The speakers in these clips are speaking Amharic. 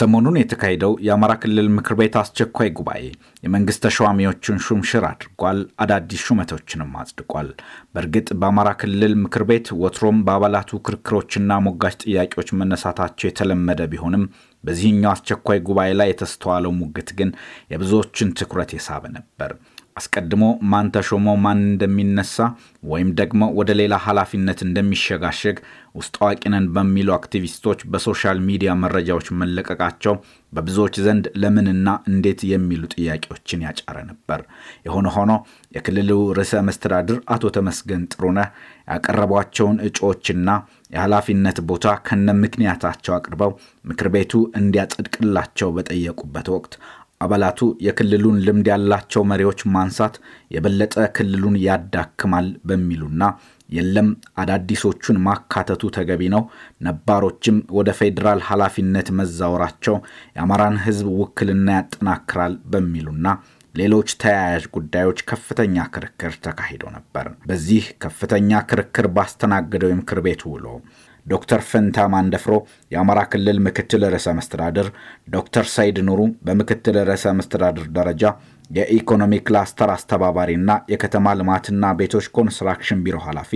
ሰሞኑን የተካሄደው የአማራ ክልል ምክር ቤት አስቸኳይ ጉባኤ የመንግስት ተሿሚዎቹን ሹምሽር አድርጓል፣ አዳዲስ ሹመቶችንም አጽድቋል። በእርግጥ በአማራ ክልል ምክር ቤት ወትሮም በአባላቱ ክርክሮችና ሞጋች ጥያቄዎች መነሳታቸው የተለመደ ቢሆንም በዚህኛው አስቸኳይ ጉባኤ ላይ የተስተዋለው ሙግት ግን የብዙዎችን ትኩረት የሳበ ነበር። አስቀድሞ ማን ተሾሞ ማን እንደሚነሳ ወይም ደግሞ ወደ ሌላ ኃላፊነት እንደሚሸጋሸግ ውስጥ ዋቂነን በሚሉ አክቲቪስቶች በሶሻል ሚዲያ መረጃዎች መለቀቃቸው በብዙዎች ዘንድ ለምንና እንዴት የሚሉ ጥያቄዎችን ያጫረ ነበር። የሆነ ሆኖ የክልሉ ርዕሰ መስተዳድር አቶ ተመስገን ጥሩነህ ያቀረቧቸውን እጩዎችና የኃላፊነት ቦታ ከነ ምክንያታቸው አቅርበው ምክር ቤቱ እንዲያጸድቅላቸው በጠየቁበት ወቅት አባላቱ የክልሉን ልምድ ያላቸው መሪዎች ማንሳት የበለጠ ክልሉን ያዳክማል በሚሉና የለም አዳዲሶቹን ማካተቱ ተገቢ ነው፣ ነባሮችም ወደ ፌዴራል ኃላፊነት መዛወራቸው የአማራን ሕዝብ ውክልና ያጠናክራል በሚሉና ሌሎች ተያያዥ ጉዳዮች ከፍተኛ ክርክር ተካሂዶ ነበር። በዚህ ከፍተኛ ክርክር ባስተናገደው የምክር ቤት ውሎ ዶክተር ፈንታ ማንደፍሮ የአማራ ክልል ምክትል ርዕሰ መስተዳድር፣ ዶክተር ሰይድ ኑሩ በምክትል ርዕሰ መስተዳድር ደረጃ የኢኮኖሚ ክላስተር አስተባባሪና የከተማ ልማትና ቤቶች ኮንስትራክሽን ቢሮ ኃላፊ፣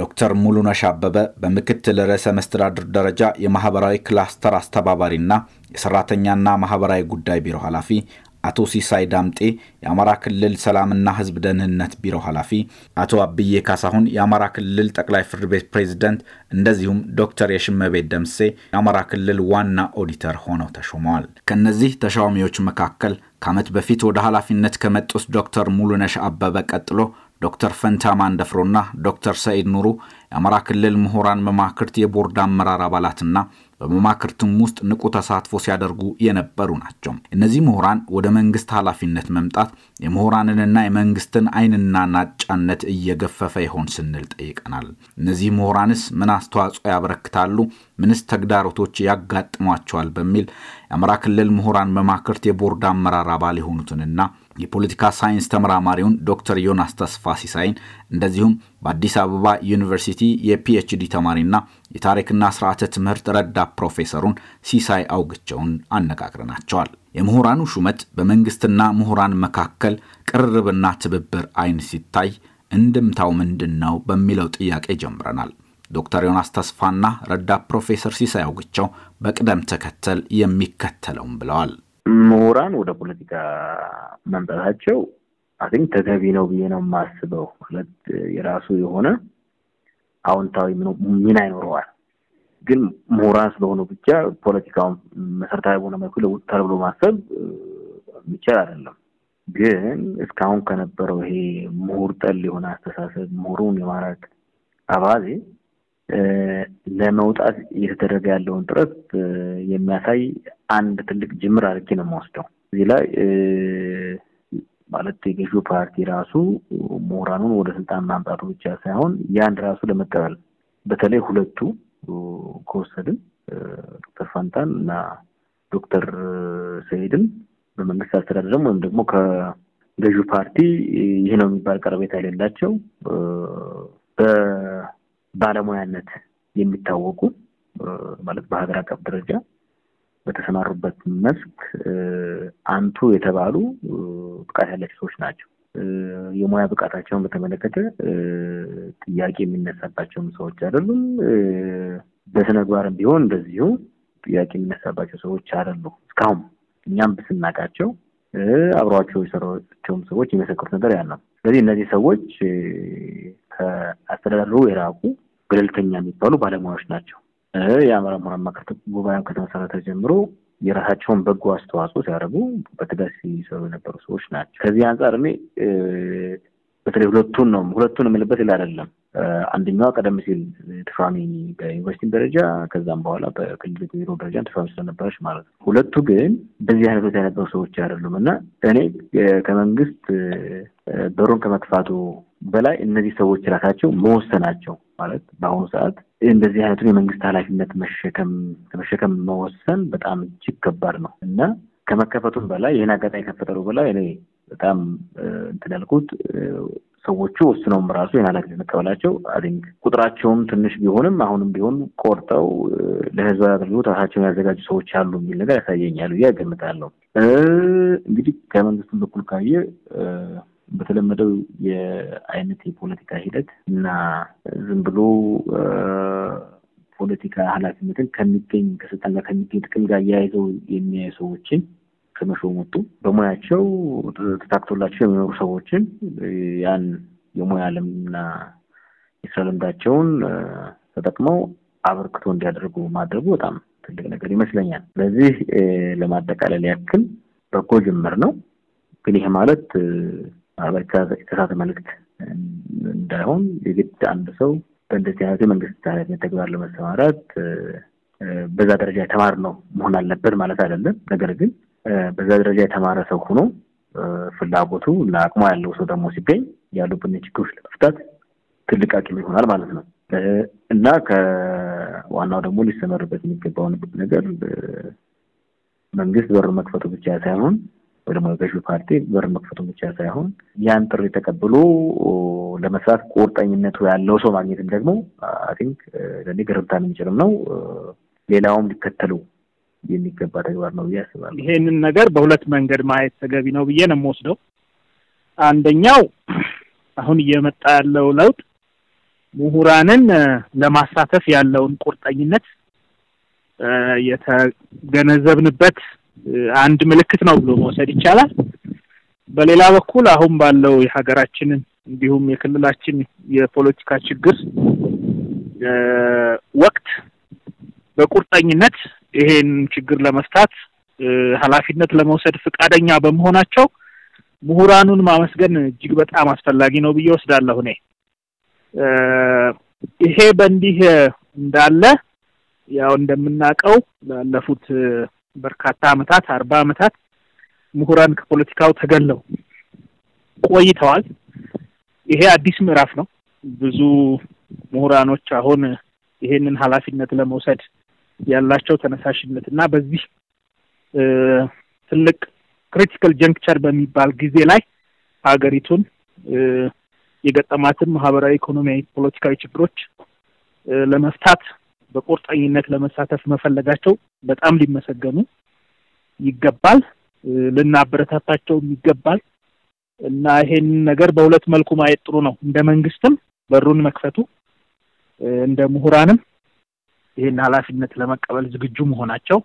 ዶክተር ሙሉነሽ አበበ በምክትል ርዕሰ መስተዳድር ደረጃ የማህበራዊ ክላስተር አስተባባሪና የሰራተኛና ማህበራዊ ጉዳይ ቢሮ ኃላፊ፣ አቶ ሲሳይ ዳምጤ የአማራ ክልል ሰላምና ህዝብ ደህንነት ቢሮ ኃላፊ፣ አቶ አብዬ ካሳሁን የአማራ ክልል ጠቅላይ ፍርድ ቤት ፕሬዝደንት፣ እንደዚሁም ዶክተር የሽመቤት ደምሴ የአማራ ክልል ዋና ኦዲተር ሆነው ተሾመዋል። ከእነዚህ ተሿሚዎች መካከል ከዓመት በፊት ወደ ኃላፊነት ከመጡት ዶክተር ሙሉነሽ አበበ ቀጥሎ ዶክተር ፈንታ ማንደፍሮና ዶክተር ሰኢድ ኑሩ የአማራ ክልል ምሁራን መማክርት የቦርድ አመራር አባላትና በመማክርትም ውስጥ ንቁ ተሳትፎ ሲያደርጉ የነበሩ ናቸው። እነዚህ ምሁራን ወደ መንግስት ኃላፊነት መምጣት የምሁራንንና የመንግስትን አይንና ናጫነት እየገፈፈ ይሆን ስንል ጠይቀናል። እነዚህ ምሁራንስ ምን አስተዋጽኦ ያበረክታሉ? ምንስ ተግዳሮቶች ያጋጥሟቸዋል? በሚል የአማራ ክልል ምሁራን መማክርት የቦርድ አመራር አባል የሆኑትንና የፖለቲካ ሳይንስ ተመራማሪውን ዶክተር ዮናስ ተስፋ ሲሳይን እንደዚሁም በአዲስ አበባ ዩኒቨርሲቲ የፒኤችዲ ተማሪና የታሪክና ስርዓተ ትምህርት ረዳ ፕሮፌሰሩን ሲሳይ አውግቸውን አነጋግረናቸዋል። የምሁራኑ ሹመት በመንግስትና ምሁራን መካከል ቅርርብና ትብብር አይን ሲታይ እንድምታው ምንድን ነው በሚለው ጥያቄ ጀምረናል። ዶክተር ዮናስ ተስፋና ረዳ ፕሮፌሰር ሲሳይ አውግቸው በቅደም ተከተል የሚከተለውም ብለዋል። ምሁራን ወደ ፖለቲካ መምጣታቸው አን ተገቢ ነው ብዬ ነው የማስበው። ማለት የራሱ የሆነ አዎንታዊ ሚና ይኖረዋል። ግን ምሁራን ስለሆኑ ብቻ ፖለቲካውን መሰረታዊ በሆነ መልኩ ለውጥታል ብሎ ማሰብ የሚቻል አይደለም። ግን እስካሁን ከነበረው ይሄ ምሁር ጠል የሆነ አስተሳሰብ ምሁሩን የማራቅ አባዜ ለመውጣት እየተደረገ ያለውን ጥረት የሚያሳይ አንድ ትልቅ ጅምር አድርጌ ነው የምወስደው። እዚህ ላይ ማለት የገዢው ፓርቲ ራሱ ምሁራኑን ወደ ስልጣን ማምጣቱ ብቻ ሳይሆን ያንድ ራሱ ለመቀበል በተለይ ሁለቱ ከወሰድን ዶክተር ፋንታን እና ዶክተር ሰይድን በመንግስት አስተዳደርም ወይም ደግሞ ከገዢው ፓርቲ ይህ ነው የሚባል ቀረቤታ የሌላቸው ባለሙያነት የሚታወቁ ማለት በሀገር አቀፍ ደረጃ በተሰማሩበት መስክ አንቱ የተባሉ ብቃት ያላቸው ሰዎች ናቸው። የሙያ ብቃታቸውን በተመለከተ ጥያቄ የሚነሳባቸውም ሰዎች አይደሉም። በስነግባርም ቢሆን እንደዚሁ ጥያቄ የሚነሳባቸው ሰዎች አይደሉ። እስካሁን እኛም ብስናቃቸው አብረዋቸው የሰራቸውም ሰዎች የሚመሰክሩት ነገር ያ ነው። ስለዚህ እነዚህ ሰዎች ከአስተዳደሩ የራቁ ገለልተኛ የሚባሉ ባለሙያዎች ናቸው። የአማራ ምሁራን ምክር ከተመሰረተ ጀምሮ የራሳቸውን በጎ አስተዋጽኦ ሲያደርጉ በትጋት ሲሰሩ የነበሩ ሰዎች ናቸው። ከዚህ አንጻር እኔ በተለይ ሁለቱን ነው ሁለቱን የምልበት ይል አይደለም። አንደኛዋ ቀደም ሲል ተሿሚ በዩኒቨርሲቲ ደረጃ ከዛም በኋላ በክልል ቢሮ ደረጃ ተሿሚ ስለነበረች ማለት ነው። ሁለቱ ግን በዚህ አይነት ቦታ የነበሩ ሰዎች አይደሉም እና እኔ ከመንግስት በሩን ከመክፋቱ በላይ እነዚህ ሰዎች ራሳቸው መወሰናቸው ማለት በአሁኑ ሰዓት እንደዚህ አይነቱን የመንግስት ኃላፊነት መሸከም መሸከም መወሰን በጣም እጅግ ከባድ ነው እና ከመከፈቱም በላይ ይህን አጋጣሚ ከፈጠሩ በላይ እኔ በጣም እንትን ያልኩት ሰዎቹ ወስነውም ራሱ ይህን ኃላፊነት መቀበላቸው አንክ ቁጥራቸውም ትንሽ ቢሆንም አሁንም ቢሆን ቆርጠው ለህዝብ አገልግሎት ራሳቸውን ያዘጋጁ ሰዎች አሉ የሚል ነገር ያሳየኛሉ ብዬ እንግዲህ ከመንግስቱም በኩል ካየ በተለመደው የአይነት የፖለቲካ ሂደት እና ዝም ብሎ ፖለቲካ ኃላፊነትን ከሚገኝ ከስልጣን ጋር ከሚገኝ ጥቅም ጋር እያይዘው የሚያዩ ሰዎችን ከመሾም ወጡ በሙያቸው ተታክቶላቸው የሚኖሩ ሰዎችን ያን የሙያ ዓለምና የስራ ልምዳቸውን ተጠቅመው አበርክቶ እንዲያደርጉ ማድረጉ በጣም ትልቅ ነገር ይመስለኛል። ለዚህ ለማጠቃለል ያክል በጎ ጅምር ነው፣ ግን ይሄ ማለት የተሳተ መልእክት እንዳይሆን የግድ አንድ ሰው በእንደዚህ አይነት የመንግስት ኃላፊነት ተግባር ለመሰማራት በዛ ደረጃ የተማር ነው መሆን አለበት ማለት አይደለም። ነገር ግን በዛ ደረጃ የተማረ ሰው ሆኖ ፍላጎቱ እና ያለው ሰው ደግሞ ሲገኝ ያሉብን ችግሮች ለመፍታት ትልቅ አቅም ይሆናል ማለት ነው እና ከዋናው ደግሞ ሊሰመርበት የሚገባውን ነገር መንግስት በሩ መክፈቱ ብቻ ሳይሆን ወይ ደግሞ ገዢ ፓርቲ በር መክፈቱን ብቻ ሳይሆን ያን ጥሪ ተቀብሎ ለመስራት ቁርጠኝነቱ ያለው ሰው ማግኘትም ደግሞ አይ ቲንክ ለእኔ ግርምታ የሚችልም ነው። ሌላውም ሊከተሉ የሚገባ ተግባር ነው ብዬ አስባለሁ። ይሄንን ነገር በሁለት መንገድ ማየት ተገቢ ነው ብዬ ነው የምወስደው። አንደኛው አሁን እየመጣ ያለው ለውጥ ምሁራንን ለማሳተፍ ያለውን ቁርጠኝነት የተገነዘብንበት አንድ ምልክት ነው ብሎ መውሰድ ይቻላል። በሌላ በኩል አሁን ባለው የሀገራችንን እንዲሁም የክልላችን የፖለቲካ ችግር ወቅት በቁርጠኝነት ይሄን ችግር ለመፍታት ኃላፊነት ለመውሰድ ፈቃደኛ በመሆናቸው ምሁራኑን ማመስገን እጅግ በጣም አስፈላጊ ነው ብዬ ወስዳለሁ። እኔ ይሄ በእንዲህ እንዳለ ያው እንደምናውቀው ላለፉት በርካታ አመታት አርባ አመታት ምሁራን ከፖለቲካው ተገለው ቆይተዋል። ይሄ አዲስ ምዕራፍ ነው። ብዙ ምሁራኖች አሁን ይሄንን ኃላፊነት ለመውሰድ ያላቸው ተነሳሽነት እና በዚህ ትልቅ ክሪቲካል ጀንክቸር በሚባል ጊዜ ላይ ሀገሪቱን የገጠማትን ማህበራዊ፣ ኢኮኖሚያዊ፣ ፖለቲካዊ ችግሮች ለመፍታት በቁርጠኝነት ለመሳተፍ መፈለጋቸው በጣም ሊመሰገኑ ይገባል፣ ልናበረታታቸውም ይገባል እና ይሄንን ነገር በሁለት መልኩ ማየት ጥሩ ነው። እንደ መንግስትም በሩን መክፈቱ፣ እንደ ምሁራንም ይሄን ኃላፊነት ለመቀበል ዝግጁ መሆናቸው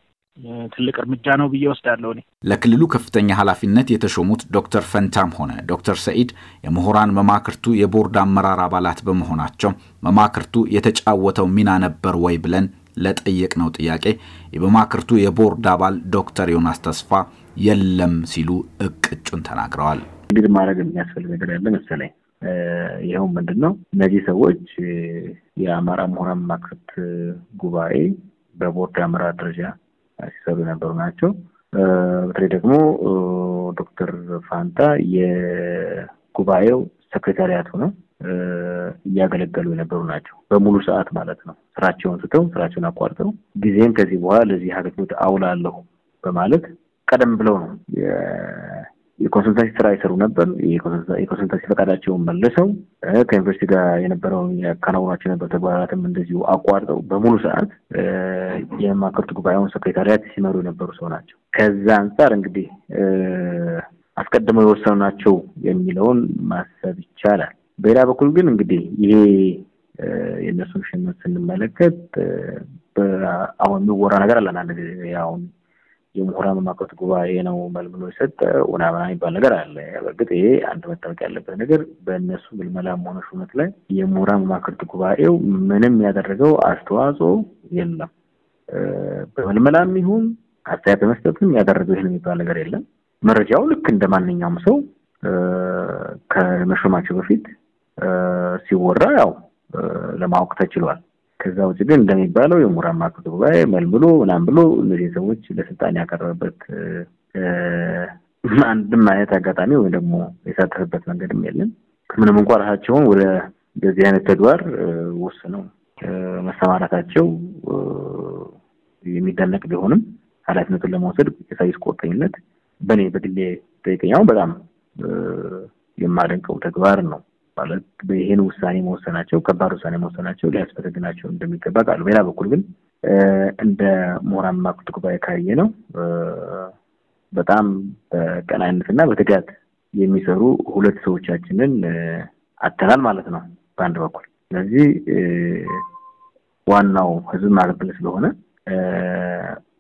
ትልቅ እርምጃ ነው ብዬ ወስዳለሁ። እኔ ለክልሉ ከፍተኛ ኃላፊነት የተሾሙት ዶክተር ፈንታም ሆነ ዶክተር ሰኢድ የምሁራን መማክርቱ የቦርድ አመራር አባላት በመሆናቸው መማክርቱ የተጫወተው ሚና ነበር ወይ ብለን ለጠየቅነው ጥያቄ የመማክርቱ የቦርድ አባል ዶክተር ዮናስ ተስፋ የለም ሲሉ እቅጩን ተናግረዋል። እንግዲህ ማድረግ የሚያስፈልግ ነገር ያለ መሰለኝ። ይኸውም ምንድን ነው እነዚህ ሰዎች የአማራ ምሁራን መማክርት ጉባኤ በቦርድ አመራር ደረጃ ሲሰሩ የነበሩ ናቸው። በተለይ ደግሞ ዶክተር ፋንታ የጉባኤው ሰክሬታሪያቱ ነው እያገለገሉ የነበሩ ናቸው። በሙሉ ሰዓት ማለት ነው። ስራቸውን ስተው ስራቸውን አቋርጠው ጊዜም ከዚህ በኋላ ለዚህ አገልግሎት አውላለሁ በማለት ቀደም ብለው ነው የኮንሰልታሲ ስራ ይሰሩ ነበር። የኮንሰልታሲ ፈቃዳቸውን መልሰው ከዩኒቨርሲቲ ጋር የነበረውን ያከናውኗቸው የነበሩ ተግባራትም እንደዚሁ አቋርጠው በሙሉ ሰዓት የማክርቱ ጉባኤውን ሰክሬታሪያት ሲመሩ የነበሩ ሰው ናቸው። ከዛ አንጻር እንግዲህ አስቀድመው የወሰኑ ናቸው የሚለውን ማሰብ ይቻላል። በሌላ በኩል ግን እንግዲህ ይሄ የእነሱን ሽነት ስንመለከት አሁን የሚወራ ነገር አለን። አሁን የምሁራን ማዕከት ጉባኤ ነው መልምሎ የሰጠ ውናምና የሚባል ነገር አለ። በእርግጥ ይሄ አንድ መታወቅ ያለበት ነገር በእነሱ ምልመላም ሆነ ሹመት ላይ የምሁራን ማዕከት ጉባኤው ምንም ያደረገው አስተዋጽኦ የለም። በምልመላም ይሁን አስተያየት በመስጠትም ያደረገው ይህን የሚባል ነገር የለም። መረጃው ልክ እንደ ማንኛውም ሰው ከመሾማቸው በፊት ሲወራ ያው ለማወቅ ተችሏል። ከዛ ውጭ ግን እንደሚባለው የምሁራን ማዕከሉ ጉባኤ መልምሎ ምናምን ብሎ እነዚህ ሰዎች ለስልጣን ያቀረበበት አንድም አይነት አጋጣሚ ወይም ደግሞ የሳተፈበት መንገድም የለም። ምንም እንኳ ራሳቸውን ወደ በዚህ አይነት ተግባር ወስነው መሰማራታቸው የሚደነቅ ቢሆንም ኃላፊነቱን ለመውሰድ የሳይስ ቁርጠኝነት በእኔ በግሌ ጠይቀኛው በጣም የማደንቀው ተግባር ነው። ማለት ይህን ውሳኔ መወሰናቸው ከባድ ውሳኔ መወሰናቸው ሊያስፈልግናቸው እንደሚገባ ቃሉ። ሌላ በኩል ግን እንደ ምሁራን ማክት ጉባኤ ካየ ነው በጣም በቀናይነት እና በትጋት የሚሰሩ ሁለት ሰዎቻችንን አተናል ማለት ነው በአንድ በኩል። ስለዚህ ዋናው ህዝብ ማገልገል ስለሆነ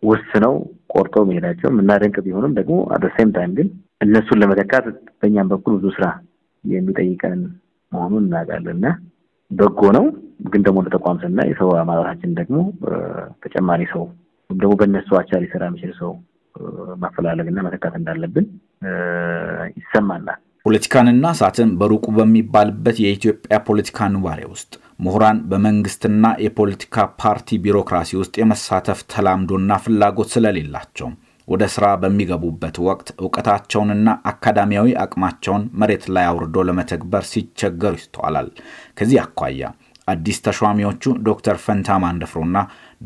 ውስነው ቆርጦ መሄዳቸው የምናደንቅ ቢሆንም ደግሞ አደሴም ታይም ግን እነሱን ለመተካት በእኛም በኩል ብዙ ስራ የሚጠይቀን መሆኑን እናውቃለን እና በጎ ነው። ግን ደግሞ ለተቋም ተቋም ስናይ የሰው አማራታችን ደግሞ ተጨማሪ ሰው ወይም ደግሞ በእነሱ አቻ ሊሰራ የሚችል ሰው ማፈላለግና መተካት እንዳለብን ይሰማናል። ፖለቲካንና እሳትን በሩቁ በሚባልበት የኢትዮጵያ ፖለቲካ ኑባሬ ውስጥ ምሁራን በመንግስትና የፖለቲካ ፓርቲ ቢሮክራሲ ውስጥ የመሳተፍ ተላምዶና ፍላጎት ስለሌላቸው ወደ ስራ በሚገቡበት ወቅት እውቀታቸውንና አካዳሚያዊ አቅማቸውን መሬት ላይ አውርዶ ለመተግበር ሲቸገሩ ይስተዋላል። ከዚህ አኳያ አዲስ ተሿሚዎቹ ዶክተር ፈንታ ማንደፍሮና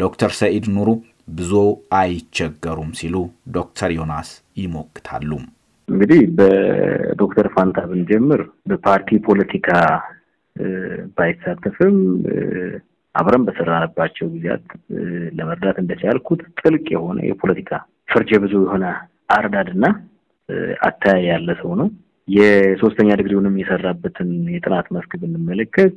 ዶክተር ሰኢድ ኑሩ ብዙ አይቸገሩም ሲሉ ዶክተር ዮናስ ይሞግታሉ። እንግዲህ በዶክተር ፋንታ ብንጀምር በፓርቲ ፖለቲካ ባይሳተፍም አብረን በሰራንባቸው ጊዜያት ለመርዳት እንደቻልኩት ጥልቅ የሆነ የፖለቲካ ፈርጀ ብዙ የሆነ አረዳድና አተያይ ያለ ሰው ነው። የሶስተኛ ዲግሪውንም የሰራበትን የጥናት መስክ ብንመለከት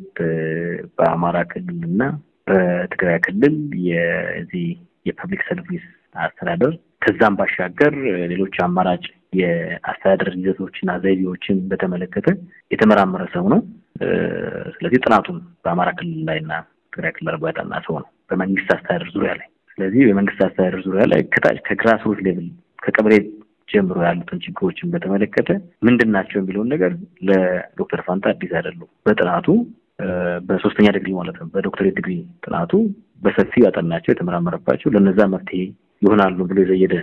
በአማራ ክልልና በትግራይ ክልል የዚህ የፐብሊክ ሰርቪስ አስተዳደር ከዛም ባሻገር ሌሎች አማራጭ የአስተዳደር ይዘቶችና ዘይቤዎችን በተመለከተ የተመራመረ ሰው ነው። ስለዚህ ጥናቱን በአማራ ክልል ላይና ትግራይ ክልል ያጠና ሰው ነው በመንግስት አስተዳደር ዙሪያ ላይ ስለዚህ በመንግስት አስተዳደር ዙሪያ ላይ ከታች ከግራስሩት ሌቭል ከቀበሌ ጀምሮ ያሉትን ችግሮችን በተመለከተ ምንድን ናቸው የሚለውን ነገር ለዶክተር ፋንታ አዲስ አይደሉም። በጥናቱ በሶስተኛ ዲግሪ ማለት ነው በዶክተሬት ዲግሪ ጥናቱ በሰፊው ያጠናቸው የተመራመረባቸው ለነዛ መፍትሄ ይሆናሉ ብሎ የዘየደ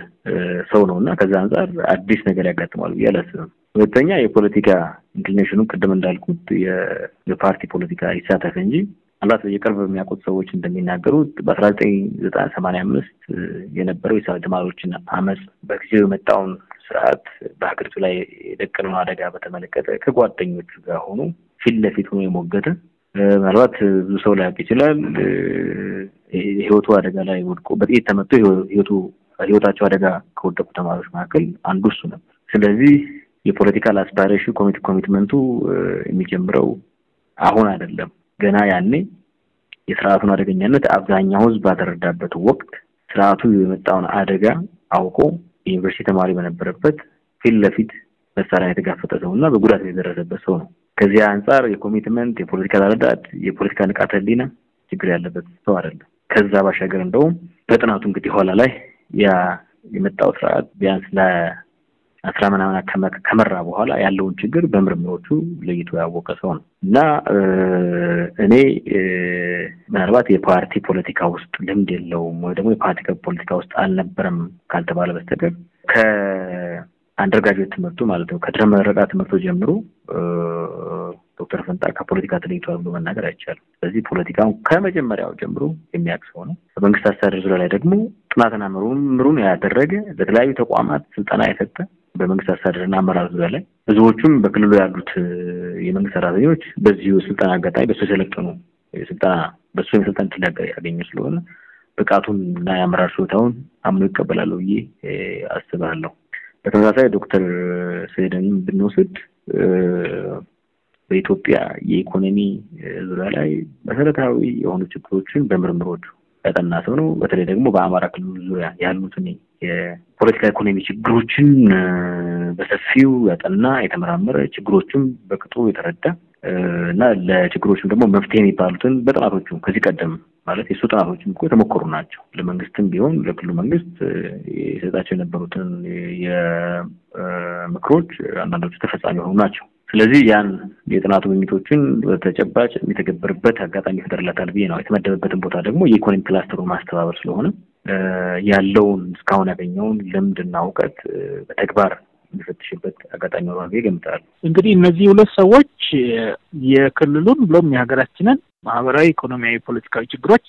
ሰው ነው እና ከዛ አንጻር አዲስ ነገር ያጋጥማሉ ብዬ አላስብም። ሁለተኛ የፖለቲካ ኢንክሊኔሽኑ ቅድም እንዳልኩት የፓርቲ ፖለቲካ ይሳተፍ እንጂ ምናልባት የቅርብ የሚያውቁት ሰዎች እንደሚናገሩት በአስራ ዘጠኝ ዘጠና ሰማንያ አምስት የነበረው የተማሪዎችን አመፅ በጊዜው የመጣውን ስርዓት በሀገሪቱ ላይ የደቀነውን አደጋ በተመለከተ ከጓደኞቹ ጋር ሆኖ ፊት ለፊት ሆኖ የሞገተ ምናልባት ብዙ ሰው ላያውቅ ይችላል። ህይወቱ አደጋ ላይ ወድቆ በጥይት ተመቶ ህይወቱ ህይወታቸው አደጋ ከወደቁ ተማሪዎች መካከል አንዱ እሱ ነበር። ስለዚህ የፖለቲካል አስፓይሬሽን ኮሚትመንቱ የሚጀምረው አሁን አይደለም። ገና ያኔ የስርዓቱን አደገኛነት አብዛኛው ህዝብ ባልተረዳበት ወቅት ስርዓቱ የመጣውን አደጋ አውቆ የዩኒቨርሲቲ ተማሪ በነበረበት ፊት ለፊት መሳሪያ የተጋፈጠ ሰው እና በጉዳት የደረሰበት ሰው ነው። ከዚያ አንጻር የኮሚትመንት የፖለቲካ አረዳድ፣ የፖለቲካ ንቃተ ህሊና ችግር ያለበት ሰው አይደለም። ከዛ ባሻገር እንደውም በጥናቱ እንግዲህ ኋላ ላይ ያ የመጣው ስርዓት ቢያንስ አስራ ምናምን ከመራ በኋላ ያለውን ችግር በምርምሮቹ ለይቶ ያወቀ ሰው ነው እና እኔ ምናልባት የፓርቲ ፖለቲካ ውስጥ ልምድ የለውም ወይ ደግሞ የፓርቲ ፖለቲካ ውስጥ አልነበረም ካልተባለ በስተቀር ከአንደርጋጆች ትምህርቱ ማለት ነው ከድረ መረቃ ትምህርቱ ጀምሮ ዶክተር ፈንጣ ከፖለቲካ ተለይቷል ብሎ መናገር አይቻልም። ስለዚህ ፖለቲካውን ከመጀመሪያው ጀምሮ የሚያውቅ ሰው ነው። በመንግስት አስተዳደር ዙሪያ ላይ ደግሞ ጥናትና ምሩን ያደረገ ለተለያዩ ተቋማት ስልጠና የሰጠ በመንግስት አስተዳደርና አመራር ዙሪያ ላይ ህዝቦቹም በክልሉ ያሉት የመንግስት ሰራተኞች በዚሁ ስልጠና አጋጣሚ በሱ የሰለጠኑ የስልጠና በሱ የስልጠና ትል ያገኙ ስለሆነ ብቃቱን እና የአመራር ችሎታውን አምኖ ይቀበላሉ ብዬ አስባለሁ። በተመሳሳይ ዶክተር ስሄደንም ብንወስድ በኢትዮጵያ የኢኮኖሚ ዙሪያ ላይ መሰረታዊ የሆኑ ችግሮችን በምርምሮቹ ያጠና ሰው ነው። በተለይ ደግሞ በአማራ ክልል ዙሪያ ያሉትን የፖለቲካ ኢኮኖሚ ችግሮችን በሰፊው ያጠና የተመራመረ ችግሮቹም በቅጡ የተረዳ እና ለችግሮቹም ደግሞ መፍትሄ የሚባሉትን በጥናቶቹ ከዚህ ቀደም ማለት የእሱ ጥናቶችም እኮ የተሞከሩ ናቸው። ለመንግስትም ቢሆን ለክልሉ መንግስት የሰጣቸው የነበሩትን የምክሮች አንዳንዶቹ ተፈጻሚ የሆኑ ናቸው። ስለዚህ ያን የጥናቱ ግኝቶችን በተጨባጭ የሚተገበርበት አጋጣሚ ይፈጠርለታል ብዬ ነው። የተመደበበትን ቦታ ደግሞ የኢኮኖሚ ክላስተሩ ማስተባበር ስለሆነ ያለውን እስካሁን ያገኘውን ልምድና እውቀት በተግባር የሚፈትሽበት አጋጣሚ ኖሯል ብዬ እገምታለሁ። እንግዲህ እነዚህ ሁለት ሰዎች የክልሉን ብሎም የሀገራችንን ማህበራዊ፣ ኢኮኖሚያዊ፣ ፖለቲካዊ ችግሮች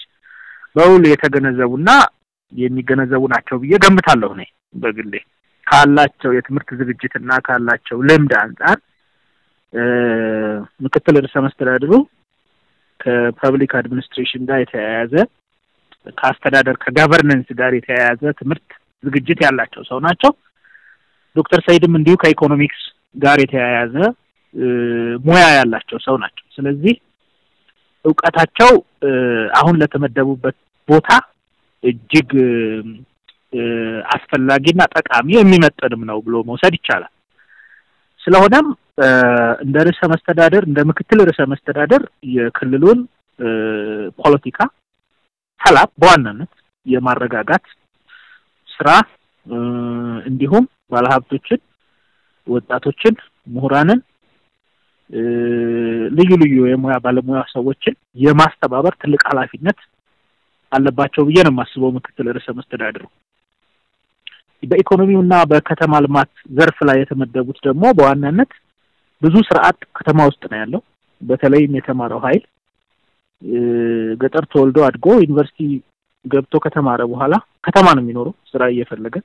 በውል የተገነዘቡና የሚገነዘቡ ናቸው ብዬ ገምታለሁ። እኔ በግሌ ካላቸው የትምህርት ዝግጅትና ካላቸው ልምድ አንጻር ምክትል ርዕሰ መስተዳድሩ ከፐብሊክ አድሚኒስትሬሽን ጋር የተያያዘ ከአስተዳደር ከጋቨርነንስ ጋር የተያያዘ ትምህርት ዝግጅት ያላቸው ሰው ናቸው። ዶክተር ሰይድም እንዲሁ ከኢኮኖሚክስ ጋር የተያያዘ ሙያ ያላቸው ሰው ናቸው። ስለዚህ እውቀታቸው አሁን ለተመደቡበት ቦታ እጅግ አስፈላጊና ጠቃሚ የሚመጥንም ነው ብሎ መውሰድ ይቻላል። ስለሆነም እንደ ርዕሰ መስተዳደር እንደ ምክትል ርዕሰ መስተዳደር የክልሉን ፖለቲካ ሰላም በዋናነት የማረጋጋት ስራ እንዲሁም ባለሀብቶችን፣ ወጣቶችን፣ ምሁራንን፣ ልዩ ልዩ የሙያ ባለሙያ ሰዎችን የማስተባበር ትልቅ ኃላፊነት አለባቸው ብዬ ነው የማስበው። ምክትል ርዕሰ መስተዳድሩ በኢኮኖሚውና በከተማ ልማት ዘርፍ ላይ የተመደቡት ደግሞ በዋናነት ብዙ ስርዓት ከተማ ውስጥ ነው ያለው። በተለይም የተማረው ኃይል ገጠር ተወልዶ አድጎ ዩኒቨርሲቲ ገብቶ ከተማረ በኋላ ከተማ ነው የሚኖረው ስራ እየፈለገ።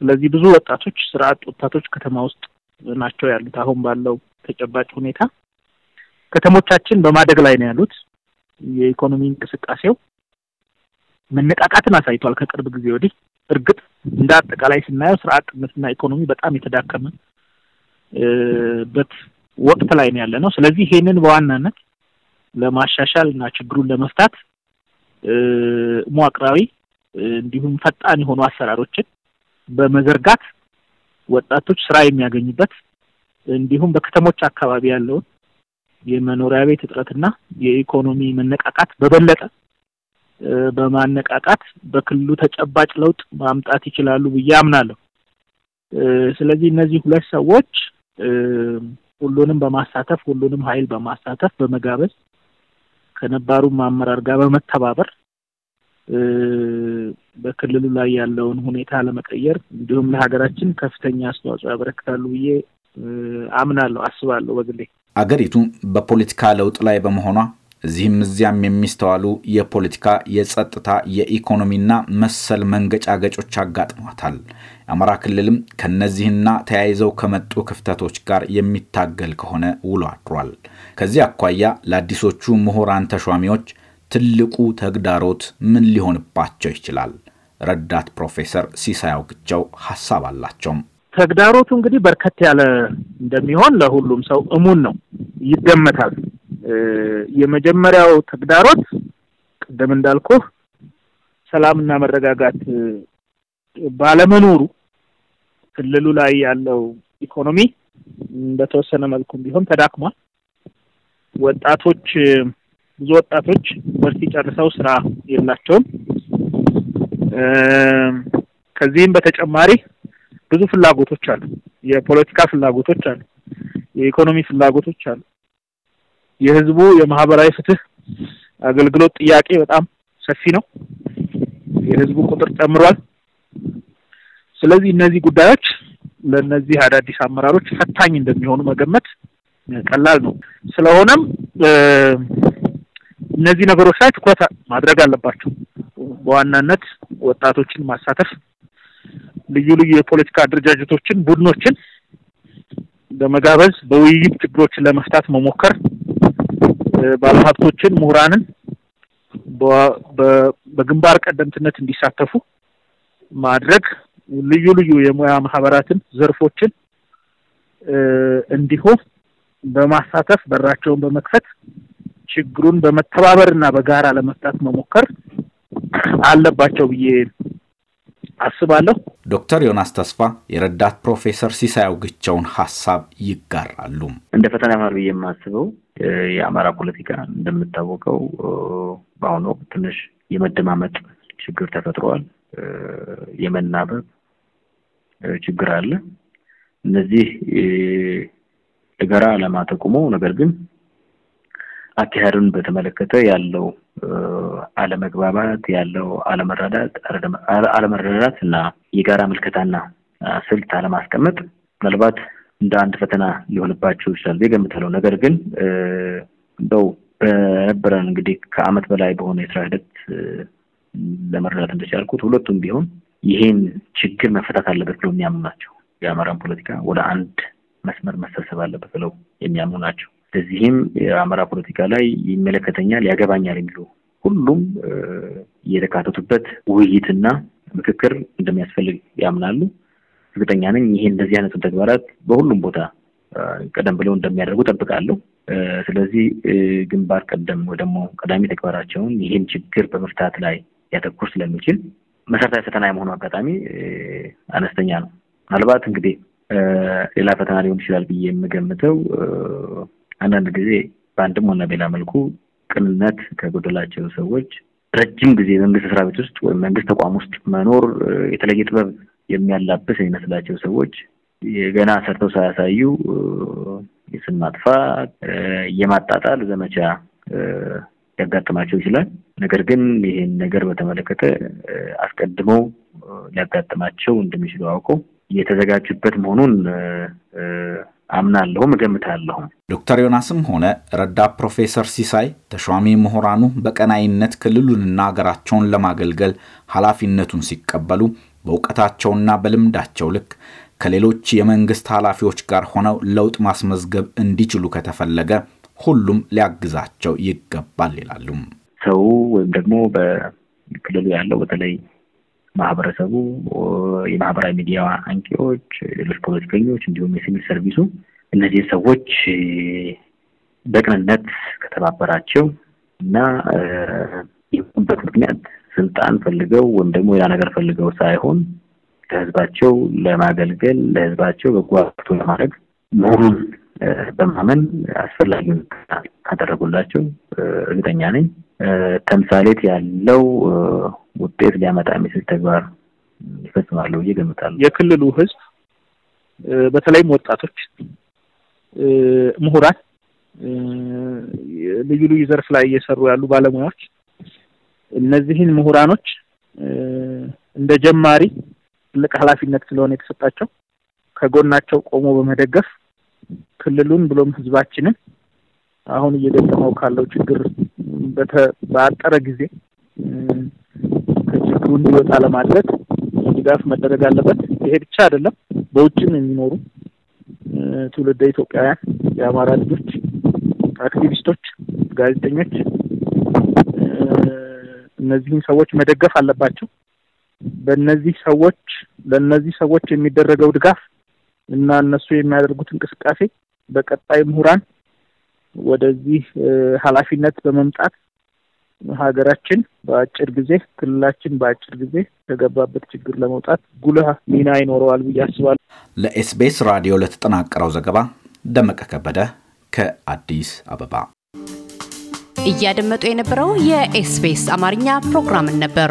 ስለዚህ ብዙ ወጣቶች ስርዓት ወጣቶች ከተማ ውስጥ ናቸው ያሉት። አሁን ባለው ተጨባጭ ሁኔታ ከተሞቻችን በማደግ ላይ ነው ያሉት። የኢኮኖሚ እንቅስቃሴው መነቃቃትን አሳይቷል ከቅርብ ጊዜ ወዲህ። እርግጥ እንደ አጠቃላይ ስናየው ስራ አጥነትና ኢኮኖሚ በጣም የተዳከመ በት ወቅት ላይ ነው ያለ ነው። ስለዚህ ይሄንን በዋናነት ለማሻሻል እና ችግሩን ለመፍታት መዋቅራዊ እንዲሁም ፈጣን የሆኑ አሰራሮችን በመዘርጋት ወጣቶች ስራ የሚያገኙበት እንዲሁም በከተሞች አካባቢ ያለውን የመኖሪያ ቤት እጥረትና የኢኮኖሚ መነቃቃት በበለጠ በማነቃቃት በክልሉ ተጨባጭ ለውጥ ማምጣት ይችላሉ ብዬ አምናለሁ። ስለዚህ እነዚህ ሁለት ሰዎች ሁሉንም በማሳተፍ ሁሉንም ኃይል በማሳተፍ በመጋበዝ ከነባሩም አመራር ጋር በመተባበር በክልሉ ላይ ያለውን ሁኔታ ለመቀየር እንዲሁም ለሀገራችን ከፍተኛ አስተዋጽኦ ያበረክታሉ ብዬ አምናለሁ፣ አስባለሁ በግሌ። አገሪቱ በፖለቲካ ለውጥ ላይ በመሆኗ እዚህም እዚያም የሚስተዋሉ የፖለቲካ፣ የጸጥታ፣ የኢኮኖሚና መሰል መንገጫገጮች አጋጥሟታል። የአማራ ክልልም ከነዚህና ተያይዘው ከመጡ ክፍተቶች ጋር የሚታገል ከሆነ ውሎ አድሯል። ከዚህ አኳያ ለአዲሶቹ ምሁራን ተሿሚዎች ትልቁ ተግዳሮት ምን ሊሆንባቸው ይችላል? ረዳት ፕሮፌሰር ሲሳይ አውግቸው ሀሳብ አላቸውም። ተግዳሮቱ እንግዲህ በርከት ያለ እንደሚሆን ለሁሉም ሰው እሙን ነው ይገመታል። የመጀመሪያው ተግዳሮት ቅድም እንዳልኩህ ሰላምና መረጋጋት ባለመኖሩ ክልሉ ላይ ያለው ኢኮኖሚ በተወሰነ መልኩም ቢሆን ተዳክሟል። ወጣቶች ብዙ ወጣቶች ዩኒቨርሲቲ ጨርሰው ስራ የላቸውም። ከዚህም በተጨማሪ ብዙ ፍላጎቶች አሉ። የፖለቲካ ፍላጎቶች አሉ። የኢኮኖሚ ፍላጎቶች አሉ። የህዝቡ የማህበራዊ ፍትህ አገልግሎት ጥያቄ በጣም ሰፊ ነው። የህዝቡ ቁጥር ጨምሯል። ስለዚህ እነዚህ ጉዳዮች ለእነዚህ አዳዲስ አመራሮች ፈታኝ እንደሚሆኑ መገመት ቀላል ነው። ስለሆነም እነዚህ ነገሮች ላይ ትኩረት ማድረግ አለባቸው። በዋናነት ወጣቶችን ማሳተፍ፣ ልዩ ልዩ የፖለቲካ አደረጃጀቶችን፣ ቡድኖችን በመጋበዝ በውይይት ችግሮችን ለመፍታት መሞከር፣ ባለሀብቶችን፣ ምሁራንን በግንባር ቀደምትነት እንዲሳተፉ ማድረግ ልዩ ልዩ የሙያ ማህበራትን ዘርፎችን እንዲሁ በማሳተፍ በራቸውን በመክፈት ችግሩን በመተባበርና በጋራ ለመፍታት መሞከር አለባቸው ብዬ አስባለሁ። ዶክተር ዮናስ ተስፋ የረዳት ፕሮፌሰር ሲሳይ ግቸውን ሀሳብ ይጋራሉ። እንደ ፈተና ማር ብዬ የማስበው የአማራ ፖለቲካ እንደምታወቀው በአሁኑ ወቅት ትንሽ የመደማመጥ ችግር ተፈጥሯል። የመናበብ ችግር አለ። እነዚህ ለጋራ ዓላማ ተቁሞ ነገር ግን አካሄዱን በተመለከተ ያለው አለመግባባት ያለው አለመረዳት አለመረዳት እና የጋራ ምልከታና ስልት አለማስቀመጥ ምናልባት እንደ አንድ ፈተና ሊሆንባቸው ይችላል የገምተለው ነገር ግን እንደው በነበረን እንግዲህ ከአመት በላይ በሆነ የስራ ሂደት ለመረዳት እንደቻልኩት ሁለቱም ቢሆን ይሄን ችግር መፈታት አለበት ብለው የሚያምኑ ናቸው። የአማራን ፖለቲካ ወደ አንድ መስመር መሰብሰብ አለበት ብለው የሚያምኑ ናቸው። ስለዚህም የአማራ ፖለቲካ ላይ ይመለከተኛል፣ ያገባኛል የሚሉ ሁሉም የተካተቱበት ውይይትና ምክክር እንደሚያስፈልግ ያምናሉ። እርግጠኛ ነኝ ይሄ እንደዚህ አይነቱ ተግባራት በሁሉም ቦታ ቀደም ብለው እንደሚያደርጉ ጠብቃለሁ። ስለዚህ ግንባር ቀደም ወይ ደግሞ ቀዳሚ ተግባራቸውን ይህን ችግር በመፍታት ላይ ያተኩር ስለሚችል መሰረታዊ ፈተና የመሆኑ አጋጣሚ አነስተኛ ነው። ምናልባት እንግዲህ ሌላ ፈተና ሊሆን ይችላል ብዬ የምገምተው አንዳንድ ጊዜ በአንድም ሆነ በሌላ መልኩ ቅንነት ከጎደላቸው ሰዎች ረጅም ጊዜ መንግስት መስሪያ ቤት ውስጥ ወይም መንግስት ተቋም ውስጥ መኖር የተለየ ጥበብ የሚያላብስ የሚመስላቸው ሰዎች ገና ሰርተው ሳያሳዩ የስም ማጥፋት የማጣጣል ዘመቻ ሊያጋጥማቸው ይችላል። ነገር ግን ይሄን ነገር በተመለከተ አስቀድመው ሊያጋጥማቸው እንደሚችሉ አውቀው የተዘጋጁበት መሆኑን አምናለሁም እገምታለሁም። ዶክተር ዮናስም ሆነ ረዳት ፕሮፌሰር ሲሳይ ተሿሚ ምሁራኑ በቀናይነት ክልሉንና ሀገራቸውን ለማገልገል ኃላፊነቱን ሲቀበሉ በእውቀታቸውና በልምዳቸው ልክ ከሌሎች የመንግስት ኃላፊዎች ጋር ሆነው ለውጥ ማስመዝገብ እንዲችሉ ከተፈለገ ሁሉም ሊያግዛቸው ይገባል ይላሉም። ሰው ወይም ደግሞ በክልሉ ያለው በተለይ ማህበረሰቡ፣ የማህበራዊ ሚዲያ አንቂዎች፣ ሌሎች ፖለቲከኞች እንዲሁም የሲቪል ሰርቪሱ እነዚህ ሰዎች በቅንነት ከተባበራቸው እና የቁበት ምክንያት ስልጣን ፈልገው ወይም ደግሞ ያ ነገር ፈልገው ሳይሆን ለህዝባቸው ለማገልገል ለህዝባቸው በጎ ለማድረግ መሆኑን በማመን አስፈላጊውን ካደረጉላቸው እርግጠኛ ነኝ። ተምሳሌት ያለው ውጤት ሊያመጣ የሚችል ተግባር ይፈጽማሉ ብዬ ገምታለሁ። የክልሉ ህዝብ በተለይም ወጣቶች፣ ምሁራን፣ ልዩ ልዩ ዘርፍ ላይ እየሰሩ ያሉ ባለሙያዎች እነዚህን ምሁራኖች እንደ ጀማሪ ትልቅ ኃላፊነት ስለሆነ የተሰጣቸው ከጎናቸው ቆሞ በመደገፍ ክልሉን ብሎም ህዝባችንን አሁን እየገጠመው ካለው ችግር በአጠረ ጊዜ ከችግሩ እንዲወጣ ለማድረግ ድጋፍ መደረግ አለበት። ይሄ ብቻ አይደለም። በውጭም የሚኖሩ ትውልደ ኢትዮጵያውያን የአማራ ልጆች፣ አክቲቪስቶች፣ ጋዜጠኞች እነዚህን ሰዎች መደገፍ አለባቸው። በእነዚህ ሰዎች ለእነዚህ ሰዎች የሚደረገው ድጋፍ እና እነሱ የሚያደርጉት እንቅስቃሴ በቀጣይ ምሁራን ወደዚህ ኃላፊነት በመምጣት ሀገራችን በአጭር ጊዜ ክልላችን በአጭር ጊዜ ከገባበት ችግር ለመውጣት ጉልህ ሚና ይኖረዋል ብዬ አስባለሁ። ለኤስቢኤስ ራዲዮ ለተጠናቀረው ዘገባ ደመቀ ከበደ ከአዲስ አበባ። እያደመጡ የነበረው የኤስቢኤስ አማርኛ ፕሮግራምን ነበር።